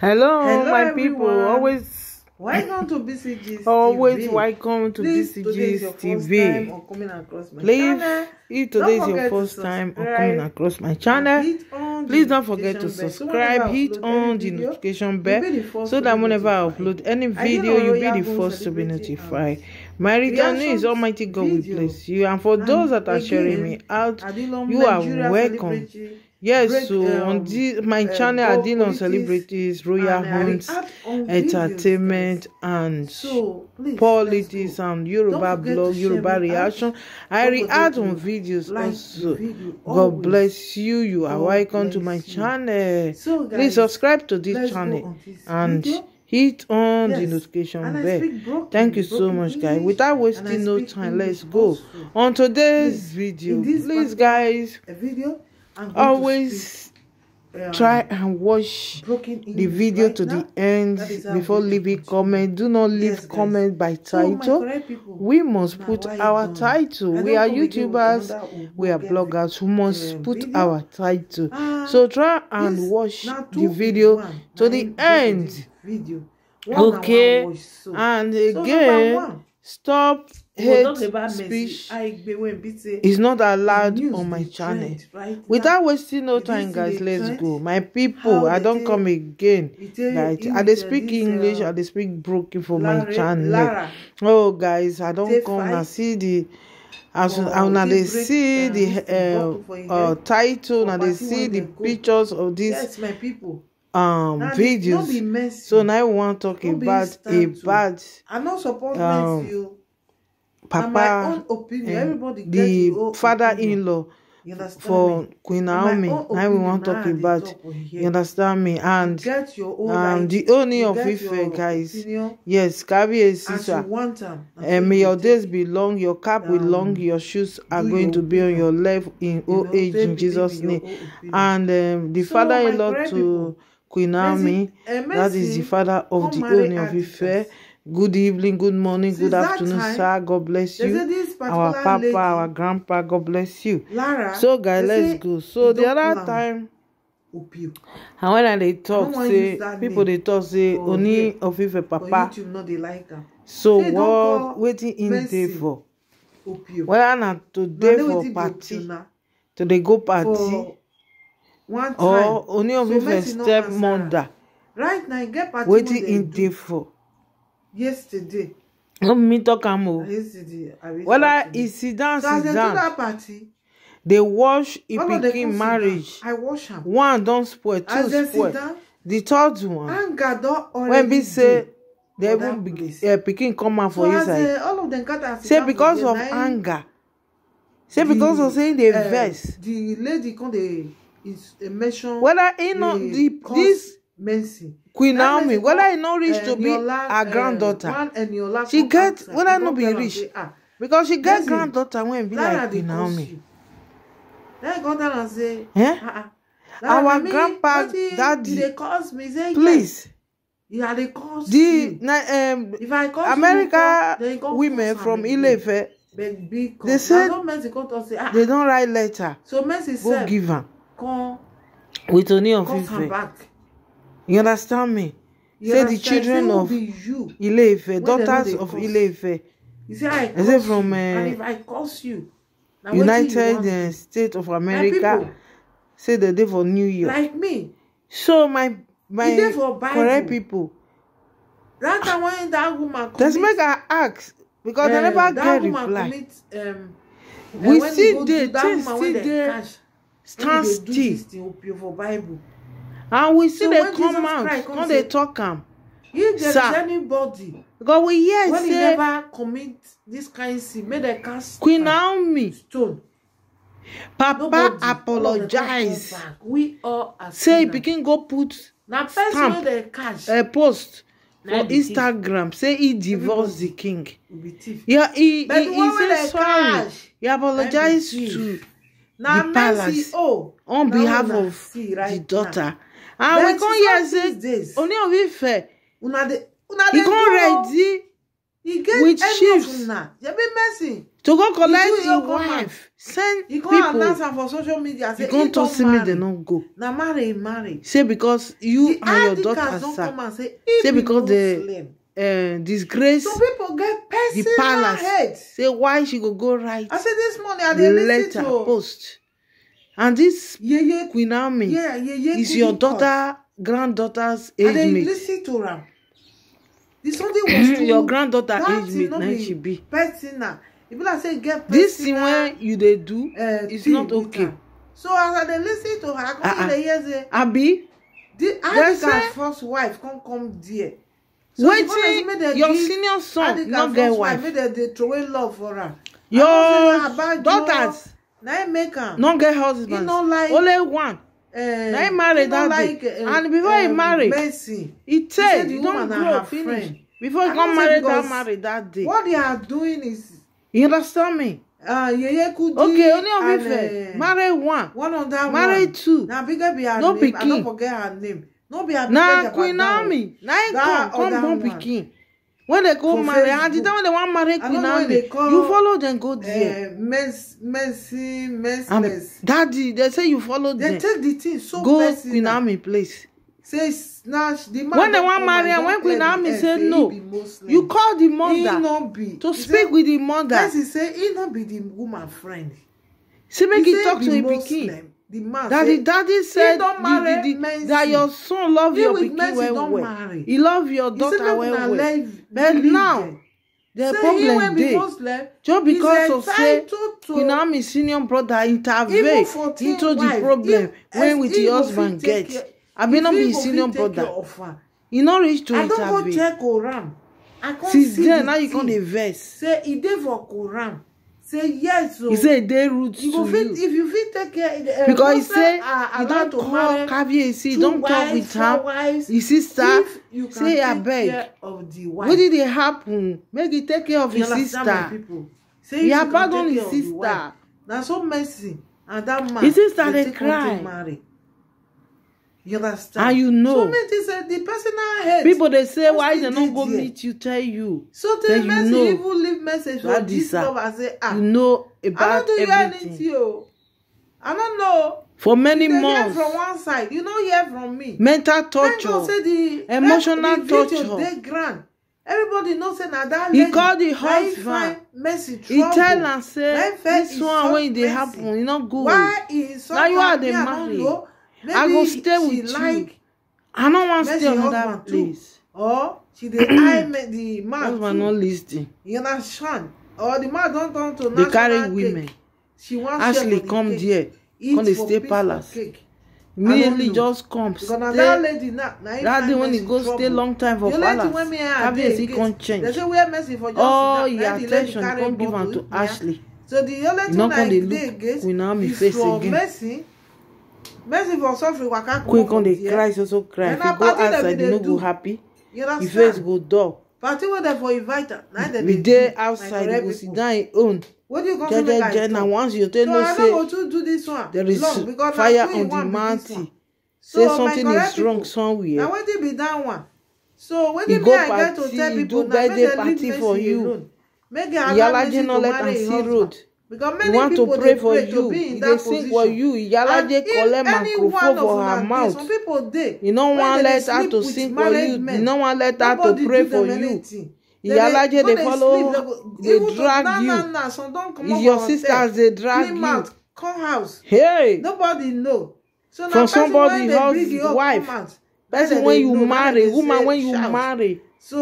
Hello, Hello my everyone. people. Always welcome to BCG's Always TV. welcome to BCG TV. Please, if today is your first time on coming across my channel, please don't forget to subscribe hit on the notification bell so that whenever i upload any video you'll be the first to be notified my return is almighty god will bless you and for those that are sharing me out you are welcome Yes, so um, on the, my um, channel, I deal on celebrities, royal homes, entertainment, and so, please, politics, and Yoruba blog, Yoruba reaction. I react on videos like also. Video, God bless you. You are welcome to my you. channel. So, guys, please subscribe to this channel this and. hit on yes. the notification and bell thank you so much guys without wasting no time let's go also. on today's video please guys video always um, try and watch the video right to now? the end before leaving comment do not leave yes, comment by oh, title we must put our title we are youtubers we are bloggers who must put our title so try and yes, watch the video one, to the end video. okay and again so stop hate speech is not allowed on my channel without wasting no time guys let's go my people, i don come again Right? i they speak english i uh, they speak broken for my channel oh guys i don come I see di as una they see the uh title Now they see uh, the uh, eh? pictures of dis um videos so now i wan tok about a bad. I'm not about um papa opinion, eh, everybody the father-in-law for me? Queen Naomi. Now we want to talk about. You understand me? And um, the owner of Ife, guys. Opinion, yes, carry a sister. And may your days be long, your cap um, will long, your shoes are going to be on your left in old age in Jesus' name. And um, the so father-in-law to Queen Naomi, that is the father of the owner of Ife good evening, good morning, Since good afternoon, time, sir. God bless you. Our papa, lady, our grandpa, God bless you. Lara, so guys, let's go. So the other time. Opio. And when they talk, I say people name. they talk say only of if a papa. YouTube no they like am. So say, what waiting in there for? Opio. Well, not today no, for party. they go party. For one time. Or only of if a step mother. Right now, e get party. Waiting in there for yesterday. me talk am o. yesterday abi whether e sit down sit down. so as dem do dat party. dey wash e pikin marriage. i wash am. one don spoil two spoil. the third one. anger don already dey. when be say dem even uh, pikin come out for inside. so as uh, all of dem gather say because of anger. say because of say e eh, dey vex. the lady come dey mention. whether e no the this mercy. queen naomi whether I no reach to eh, be her eh, granddaughter she get I no be rich ah, because she get granddaughter when be like queen naomi. then go down and say. our grandpa daddy please the na um, america women from ilefe they say ah. they don't write letter go give am with oni of ife you understand me you say understand? the children say of Ile-Ife daughters of Ile-Ife you say i curse say from, uh, and if i curse you na united uh, states of america say the day for new Year. like me so my my correct people that time when that woman commit just make her ask because uh, eh, dem never get reply commit, um, we eh, see dey things still dey stand still. Oh, and we see they come out come dey talk am if there sir. is anybody god we hear when say he never commit this kind sin make dem cast Queen Naomi stone papa Nobody apologize we all say he begin go put na stamp wey dey catch uh, post for instagram thief. say he divorce the king yeah, he, he, he say sorry cash. he apologize to the palace oh, on behalf of see, right the daughter now and ah, we come hear say Ooni of Ife he come ready with chiefs to go collect im wife send people. he go announce for social media he don talk say make dem no go marry say because you and your daughter sa say because the uh, eh, disgrace some the palace say why she go go write I say to letter post and this ye ye Queen army yeah, yeye is your daughter granddaughter's age mate and then listen to am the sunday was mm-hmm. too your granddaughter age mate na she be personal e be like say e get personal this thing wey you dey do uh, is not okay so as i dey lis ten to her i come uh -uh. say abi the adika first wife come come there so wetin your senior son no first wife make dem dey throway love for am your daughters. Your na him e make am no get husband he no like only one uh, na him e marry that like, day uh, eh, and before uh, marry mercy. he take he don grow finish before he come marry that marry that day what they are doing is you understand me uh, yeye could okay only of ife uh, marry one one of that marry one. two na bigger be her no name pikin. i don forget her name no be her na queen naomi na e him come come born pikin When they go marry and the time they want wan marry queen anne you follow them go eh, there. Uh, mercy mercy mercy. daddy they say you follow them. dem take the thing so go mercy go queen anne place. say snatch the man. when they want marry am when queen anne say no you call the mother no be. to speak say, with the mother. he say he no be the woman friend. say make he, he talk to him pikin the man daddy say, daddy said the, the, the, that your son love he your pikin well well marry. he love your daughter well well live, but now the problem dey just because of say Queen senior brother intervene into the problem wey with the husband get abi no be senior brother e no reach to intervene since then now you come dey vex say e dey for quran say yes o oh. he said they root to you fit, if you fit take care uh, because he say he don call kabiyesi he don't talk with her his sister say What did dey happen make he take care of his sister he abandon his sister na so messy and that man dey take unto marry. You understand? And ah, you know. So many things uh, the personal head. People they say why they not go here? meet you tell you. So they you message know, even leave message for this stuff and say ah. You know about everything. I don't do you anything yo. Oh. I don't know. For many they months. Hear from one side, you don't hear from me. Mental torture. say the emotional the torture. They grand. Everybody knows say na that lady. He call the husband. Mercy He tell and say this one when they e happen e no good. Why he so come Now you are the married. Maybe I go stay she with like, you. I no wan stay another place. Too. Or she the eye me the man too. Husband not listing. You understand? Or the man don't want to national cake. They carry women. She wan share Ashley come the there. Come dey stay palace. Cake. Immediately just come because stay. that lady now. That day when he go stay long time for the palace. That day he can't change. They say where mercy for just All your attention come give am to Ashley. So the only thing I dey look with Naomi face again. Is for mercy Mercy for suffering waka come Quick on the Christ also cry. If you go outside, you no go happy. You face go dull. Party wey dem for invite We there outside, you sit down and own. What you going to do? like once you tell no say. I no go too do this one. There is fire on the mountain. Say something is wrong somewhere. Now Na wetin be that one? So wetin me party, get to tell people na make dem leave Mercy alone. Make dem let them see marry im because many want people to pray for pray you to be in that position sing for you iyalaje collect microphone for her mouth some people dey you no wan let her to sing for you you no wan let her to pray for you iyalaje dey follow dey drag you Is your sister dey drag you come house hey nobody know so na person wey dey bring you person wey you marry woman wey you marry so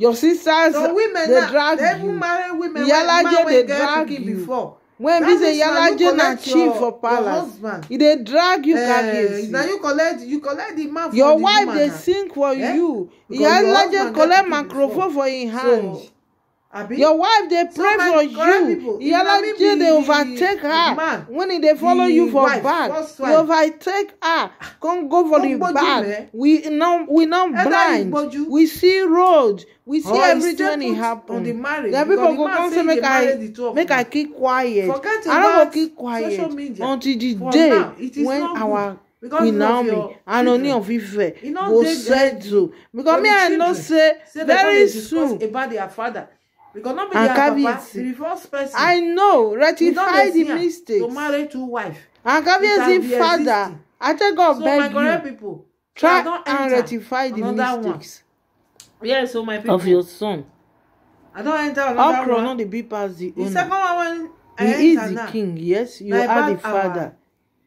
your sisters so women dey drag you even marry women yalaje dey drag you before. when be say yalaje na chief for palace e dey drag you eh, carry na you collect you collect the man for the woman your wife dey sing for eh? you yalaje collect microphone for im hand. So, Your wife dey pray so for you. Iyalaje dey overtake her. when he dey follow you for wife, back, you overtake her. Come go for the back. We now we now blind. We see road. We see oh, everything e happen. The, people go come say make I make I keep quiet. I no go keep quiet until the day when our because naomi and oni of ife go settle because me i know say very soon. about their father Because not and carry papa, The first person. I know. Rectify the mistakes. To marry two wives. And carry it father. I tell God so beg you. people. Try and enter. rectify the mistakes. One. Yeah, so my people. Of your son. I don't enter another Okra one. not the big pass the owner. The second one I He is the now. king, yes. You now are the father.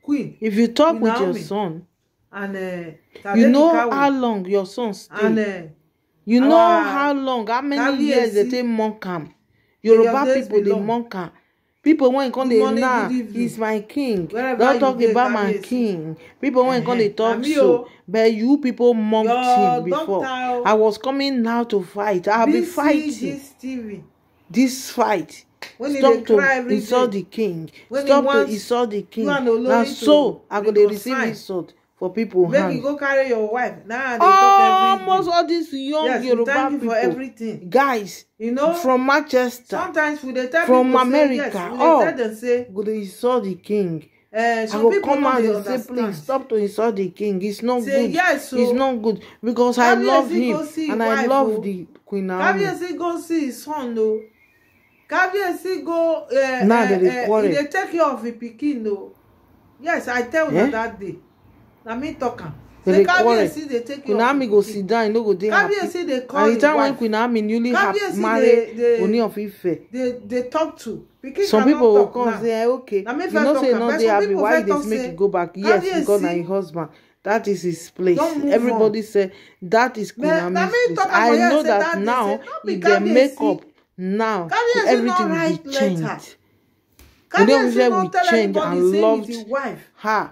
Queen. If you talk with Naomi. your son, and uh, you know how long your son stay. And, uh, you know ah, how long how many years dey take monk am yoruba pipo dey monk am pipo wey come dey now he's my king don talk about my king pipo wey come dey talk so but you pipo mocked him before i was coming now to fight i be fighting this fight stop to insult the king stop to insult the king na so i go dey receive insult for people make hand. you go carry your wife now nah, oh, talk almost ah, all these young yes, Yoruba thank you people for everything guys you know from Manchester sometimes we dey tell from America say, yes, oh tell say go dey insult the king Uh, I will come out and say, please stop to insult the king. It's not say, good. Yes, so oh. it's not good because I love him and I love oh. the Queen Naomi. Kábíyèsí go see his son o. Oh. Kábíyèsí go. Uh, now uh, they eh, dey quarrel. take care of the peking, though, Yes, I tell una eh? that day na me talk am say kabiyesi dey take your queen go sit down e no go dey happy kabiyesi dey call and the time when queen ami newly marry oni of dey talk to pikin some people go come say eh, okay you know say you no dey happy why you dey make you go back yes because na your husband that is his place everybody on. say that is queen place i know that now if dem make up now everything will be changed say will change and loved her.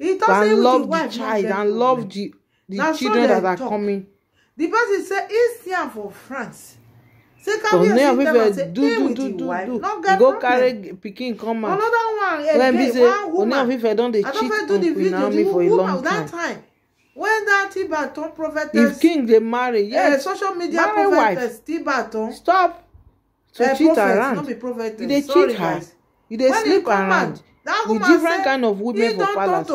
And love the child and love the, the children that are talk. coming. The person said, "Is here for France. Say come here, sit down and say, do, do, do, do, do. No get Go carry picking, come out. Another one, Let me say, one woman. Ooni of Ife don dey cheat on Queen Naomi for a long time. That time when that Tibaton prophetess. If king dey marry, eh, yes. Uh, social media marry prophetess Tibaton. Stop to uh, cheat prophet, around. No be prophetess. You dey cheat her. You dey sleep around. Out, that woman with different kind of women for palace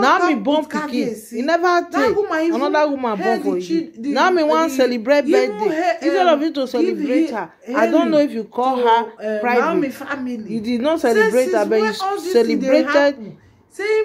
naomi born pikin he never tell another woman born for you naomi wan celebrate birthday um, instead of you to celebrate her i don't know if you call her um, private you did not celebrate her but you celebrated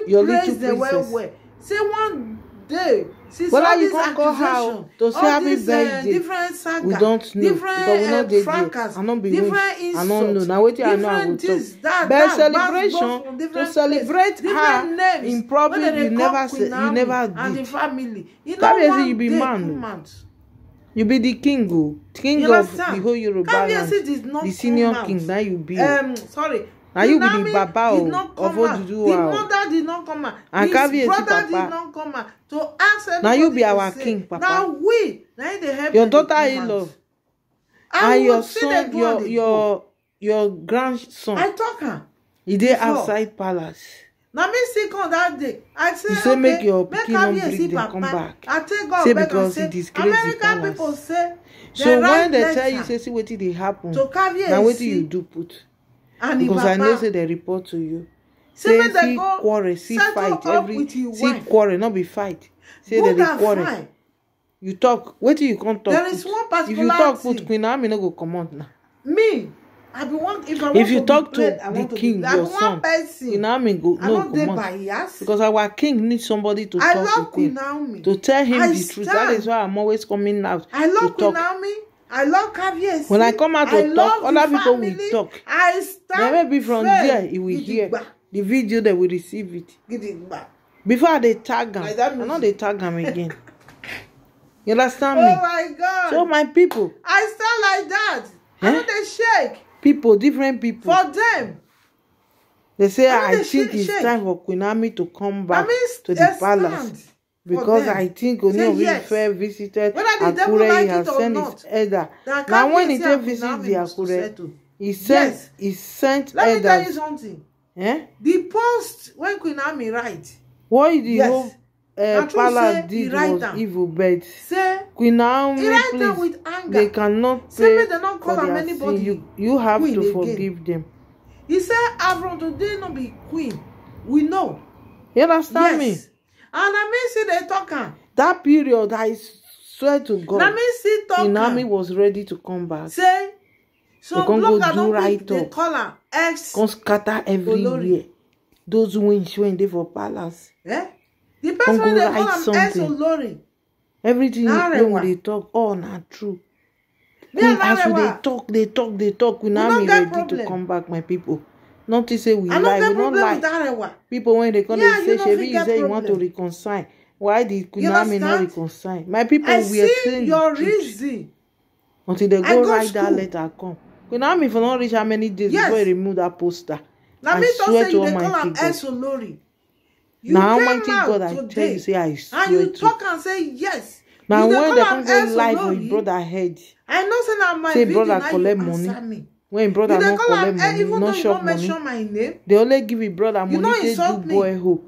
your little princess. Say one day since Whether all you this go how to say happy this, birthday, uh, different saga, we don't know. Different but we not dey there. I don't be rich. I don't know. Now wetin I know I to talk. That, but celebration to celebrate her names. in public you never say you never did. And the family. You know Kabiyesi you be man o. You be the king o. King of the whole Yoruba land. Kabiyesi did not come The senior king na you be Um, sorry na you be the baba of of oduduwa o the mother did not come out and papa his brother did not come out to ask anybody na you be our say, king papa na we na him dey help your daughter in law and your son your your your grandson i talk am e dey outside palace na me see come that day i say, say okay make your pikin no bring dem come back i take god say because he disgrace the palace say, so when dem tell you say see wetin dey happen na wetin you do put and because i know say they report to you say see quarrel see fight every see quarrel not be fight say they dey quarrel you talk wetin you come talk there is one particular if you talk put queen Army, no go comot na. me i be one if i want if you to talk to played, the to king be, your son queen naomi go no comot because our king needs somebody to I talk to him to tell him I the stand. truth that is why i'm always coming out to talk queen naomi I love Kabiyesi. When I come out to I talk, other people will talk. I stand Then maybe from fair. there, you will hear the video that will receive it. Gidigba. Before they tag him, I know they tag him again. you understand me? Oh my God. So my people. I stand like that. Eh? I know they shake. People, different people. For them. They say, I, I think it's time for Queen to come back I mean, to the stand because I think Oni of Ife yes. visited Akure like he has sent his elder na when he take visit the Akure he sent yes. he sent let elders. me tell you something eh? the post when Queen Naomi write why the yes. whole uh, palace did was them. evil but say, Queen Naomi please they cannot pay say, for their sin you, you have to forgive again. them he said Avron today no be queen we know you understand yes. me and na me see dey talk am. Ah. that period i swear to god na me see talk am inami ah. was ready to come back. say some bloggers don right dey call am ex come scatter everywhere those winch wey dey for palace. Eh? the person wey dey call am ex olori. everything wey we dey talk all oh, na true. Me we, as we dey talk dey talk dey talk we ready problem. to come back my people not to say we lie we no lie eh, people when they come dey say shebi you say you want to reconcile why the kunami no reconcile my people we are saying your reason until they go write that letter come kunami for don reach how many days before he remove that poster na me to all my people. call am esolori you na god i tell you say i swear to you na when dem come go live with brother head say na my video na when him brother no collect eh, money no chop money dey only give him brother money take do boy hoe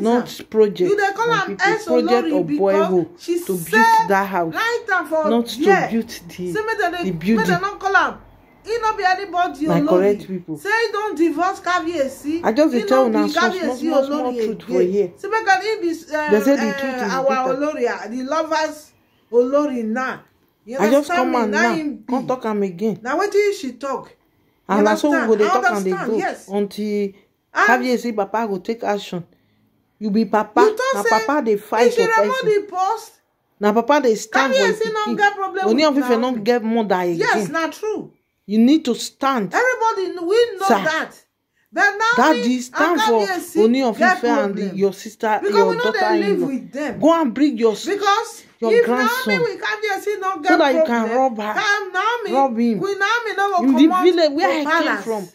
not project You na people project of boy hoe to build that house not to build the the building he no be anybody olori na correct people say he don divorce kabiyesi i just dey tell una small small small small truth for here say make i he be eh, eh, our olori ah, the lovers olori now i just come and now come talk am again na wetin she talk and na so we go dey talk am dey go until kabiyesi papa go take action you be papa na papa they fight for person na papa they stand for his pikin you of ife no get mother again yes not true you need to stand everybody we know sir. that but now daddy stand for oni of ife and the, your sister because your daughter in law go and bring your because your if grandson Naomi, Kabiyesi no get so that you can rob her Kam Naomi, rob him Queen Naomi no in the village where I came from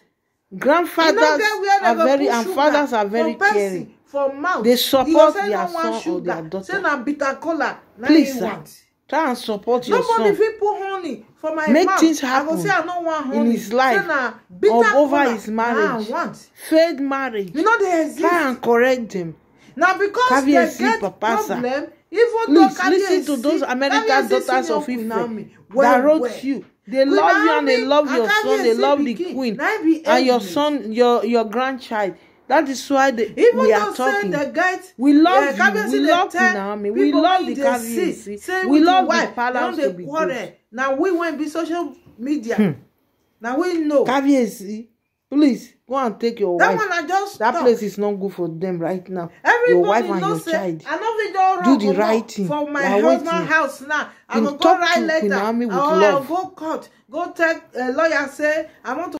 grandfathers are very and fathers are very caring for mouth they support their son or their daughter say bitter kola please sir try and support your son nobody fit put honey for my make mouth things happen i go say i no wan honey in his life say, or over his marriage ah, failed marriage you know, try and correct them Now because Kabiyesi, they get problem even though listen to those American daughters of Ife that wrote you they queen love you and they love your son they love the queen and your son your your grandchild that is why they. Even we are talking the guys, we eh, love yeah, you we love Queen Naomi we love the KBC we love the palace to be now we won't be social media hmm. Now we know KBC please go and take your that wife that one i just that talk. place is not good for them right now Everybody your wife and your child I do the right thing for my husband house now I'm gonna go write letter Oh, I'll go court go tell uh, lawyer say i want to